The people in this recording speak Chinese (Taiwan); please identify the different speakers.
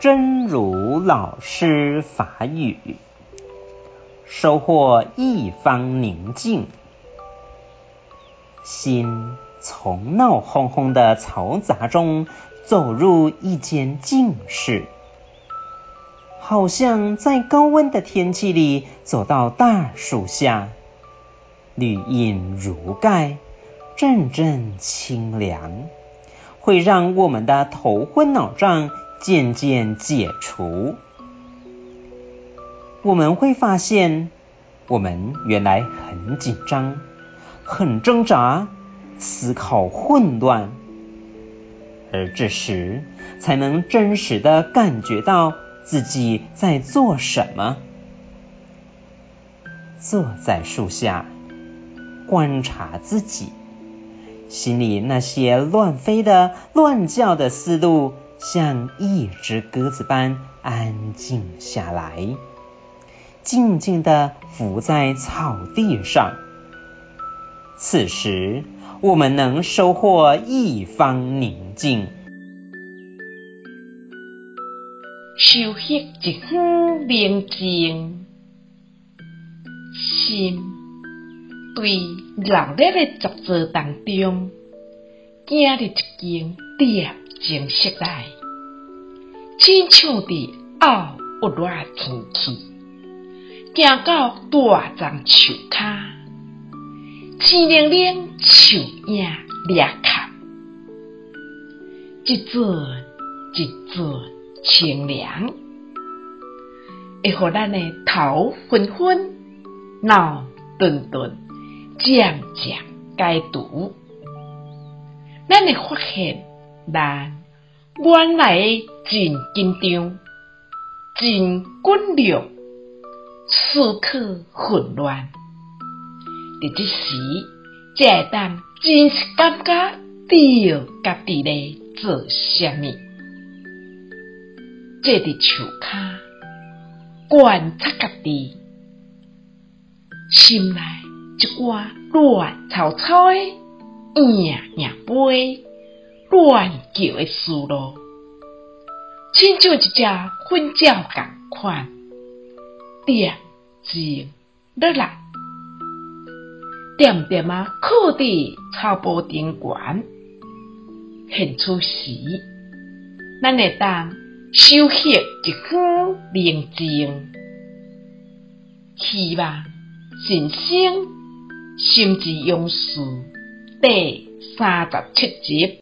Speaker 1: 真如老師法語，收穫一方寧靜，心從鬧哄哄的嘈雜中走入一間靜室，好像在高溫的天氣裡走到大樹下，綠蔭如蓋，陣陣清涼，會讓我們的頭昏腦脹，漸漸解除，我們會發現，我們原來很緊張、很掙扎，思考混亂，而這時才能真實地感覺到自己在做什麼。坐在樹下，觀察自己，心裡那些亂飛的、亂叫的思路，像一隻鴿子般安靜下來，靜靜地俯在草地上。此時，我們能收穫一方寧靜，
Speaker 2: 收穫一方寧靜，心對熱烈的十字當中，今日一件恬靜時代。清秋的奧不熱天氣，行到大樟樹下，清淋淋樹影涼卡，一陣一陣清涼，會和咱的頭昏昏、腦頓頓、漸漸解除，咱會發現原來真緊張，真困亂，此刻混亂。佇即時，謝丹真是感覺到家己咧做啥物。坐在樹骹觀察家己，心內一掛亂糟糟的，硬硬背。亂叫誒思路，親像一隻粉鳥共款，點靜落來，點點啊靠佇草坡頂懸，很出奇。咱會當收穫一方寧靜，希望新生心之勇士第三十七集。